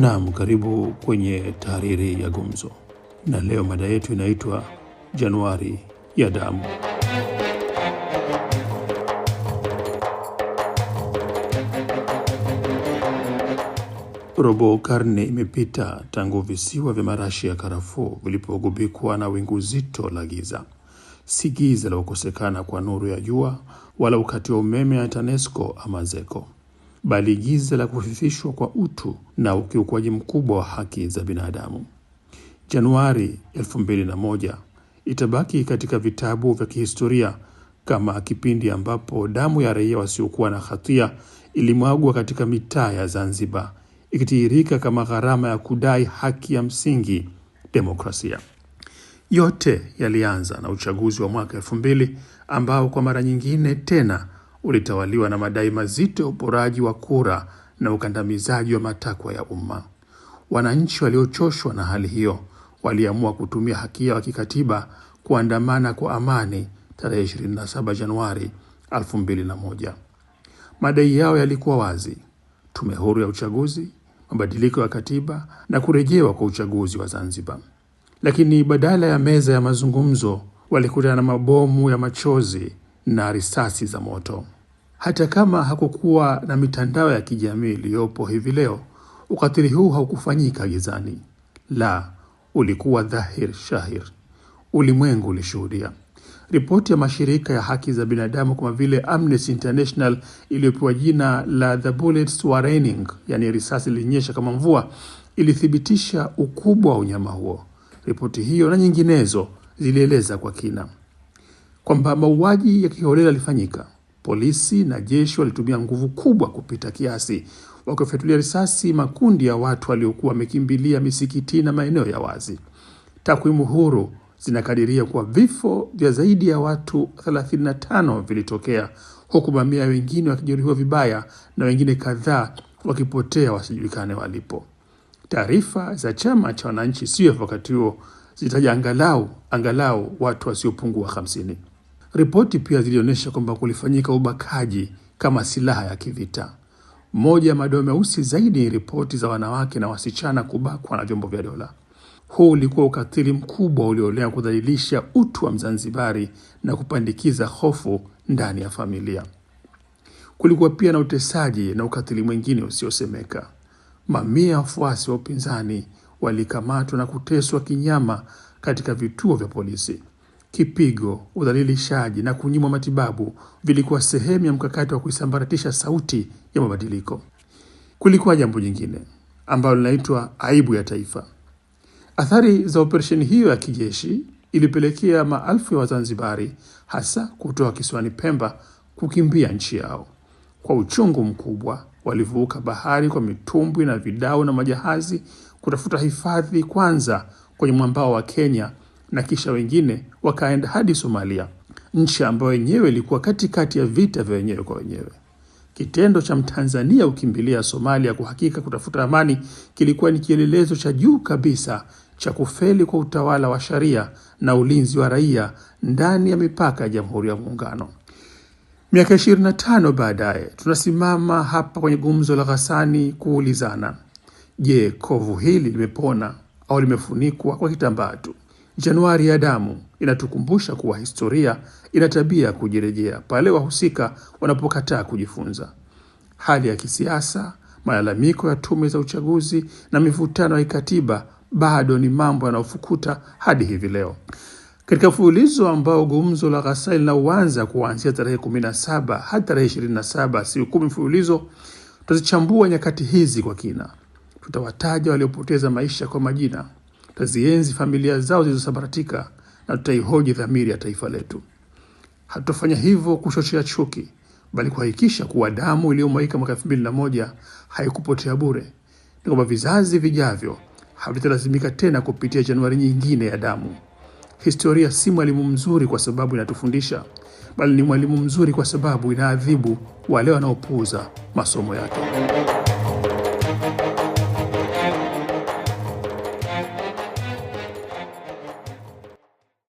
Naam, karibu kwenye tahariri ya Gumzo, na leo mada yetu inaitwa Januari ya Damu. Robo karne imepita tangu visiwa vya marashi ya karafuu vilipogubikwa na wingu zito la giza. Si giza la kukosekana kwa nuru ya jua wala ukati wa umeme ya TANESCO ama ZECO, bali giza la kufifishwa kwa utu na ukiukwaji mkubwa wa haki za binadamu. Januari 2001 itabaki katika vitabu vya kihistoria kama kipindi ambapo damu ya raia wasiokuwa na hatia ilimwagwa katika mitaa ya Zanzibar ikitiririka kama gharama ya kudai haki ya msingi, demokrasia. Yote yalianza na uchaguzi wa mwaka 2000 ambao kwa mara nyingine tena ulitawaliwa na madai mazito ya uporaji wa kura na ukandamizaji wa matakwa ya umma. Wananchi waliochoshwa na hali hiyo waliamua kutumia haki yao ya kikatiba kuandamana kwa amani tarehe 27 Januari 2001. Madai yao yalikuwa wazi: tume huru ya uchaguzi, mabadiliko ya katiba na kurejewa kwa uchaguzi wa Zanzibar. Lakini badala ya meza ya mazungumzo, walikutana na mabomu ya machozi na risasi za moto. Hata kama hakukuwa na mitandao ya kijamii iliyopo hivi leo, ukatili huu haukufanyika gizani, la, ulikuwa dhahir shahir, ulimwengu ulishuhudia. Ripoti ya mashirika ya haki za binadamu kama vile Amnesty International iliyopewa jina la The Bullets Were Raining, yani risasi ilinyesha kama mvua, ilithibitisha ukubwa wa unyama huo. Ripoti hiyo na nyinginezo zilieleza kwa kina kwamba mauaji ya kiholela yalifanyika Polisi na jeshi walitumia nguvu kubwa kupita kiasi, wakiwafyatulia risasi makundi ya watu waliokuwa wamekimbilia misikiti na maeneo ya wazi. Takwimu huru zinakadiria kuwa vifo vya zaidi ya watu 35 vilitokea huku mamia wengine wakijeruhiwa vibaya na wengine kadhaa wakipotea wasijulikane walipo. Taarifa za chama cha wananchi CUF wakati huo zitaja angalau angalau watu wasiopungua wa 50. Ripoti pia zilionyesha kwamba kulifanyika ubakaji kama silaha ya kivita. Moja ya madoa meusi zaidi ni ripoti za wanawake na wasichana kubakwa na vyombo vya dola. Huu ulikuwa ukatili mkubwa uliolea kudhalilisha utu wa Mzanzibari na kupandikiza hofu ndani ya familia. Kulikuwa pia na utesaji na ukatili mwingine usiosemeka. Mamia ya wafuasi wa upinzani walikamatwa na kuteswa kinyama katika vituo vya polisi kipigo, udhalilishaji na kunyimwa matibabu vilikuwa sehemu ya mkakati wa kuisambaratisha sauti ya mabadiliko. Kulikuwa jambo jingine ambalo linaitwa aibu ya taifa. Athari za operesheni hiyo ya kijeshi ilipelekea maelfu ya Wazanzibari, hasa kutoka kisiwani Pemba, kukimbia nchi yao. Kwa uchungu mkubwa, walivuka bahari kwa mitumbwi na vidao na majahazi kutafuta hifadhi kwanza kwenye mwambao wa Kenya na kisha wengine wakaenda hadi Somalia, nchi ambayo yenyewe ilikuwa katikati ya vita vya wenyewe kwa wenyewe. Kitendo cha Mtanzania ukimbilia Somalia kwa hakika kutafuta amani kilikuwa ni kielelezo cha juu kabisa cha kufeli kwa utawala wa sheria na ulinzi wa raia ndani ya mipaka ya Jamhuri ya Muungano. Miaka 25 baadaye tunasimama hapa kwenye gumzo la Ghassani kuulizana, je, kovu hili limepona au limefunikwa kwa kitambaa tu? Januari ya Damu inatukumbusha kuwa historia ina tabia ya kujirejea pale wahusika wanapokataa kujifunza. Hali ya kisiasa, malalamiko ya tume za uchaguzi na mivutano ya kikatiba bado ni mambo yanayofukuta hadi hivi leo. Katika mfululizo ambao gumzo la ghasai linauanza kuanzia tarehe 17 hadi tarehe 27, siku kumi mfululizo, tutazichambua nyakati hizi kwa kina. Tutawataja waliopoteza maisha kwa majina, tutazienzi familia zao zilizosambaratika na tutaihoji dhamiri ya taifa letu. hatutofanya hivyo kuchochea chuki, bali kuhakikisha kuwa damu iliyomwagika mwaka elfu mbili na moja haikupotea bure, ni kwamba vizazi vijavyo havitalazimika tena kupitia Januari nyingine ya damu. Historia si mwalimu mzuri kwa sababu inatufundisha, bali ni mwalimu mzuri kwa sababu inaadhibu wale wanaopuuza masomo yake.